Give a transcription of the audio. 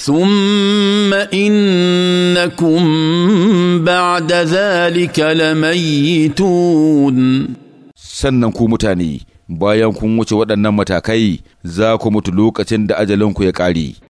ثم انكم بعد ذلك لميتون sannan ku mutane bayan kun wuce waɗannan matakai za ku mutu lokacin da ajalinku ya ƙare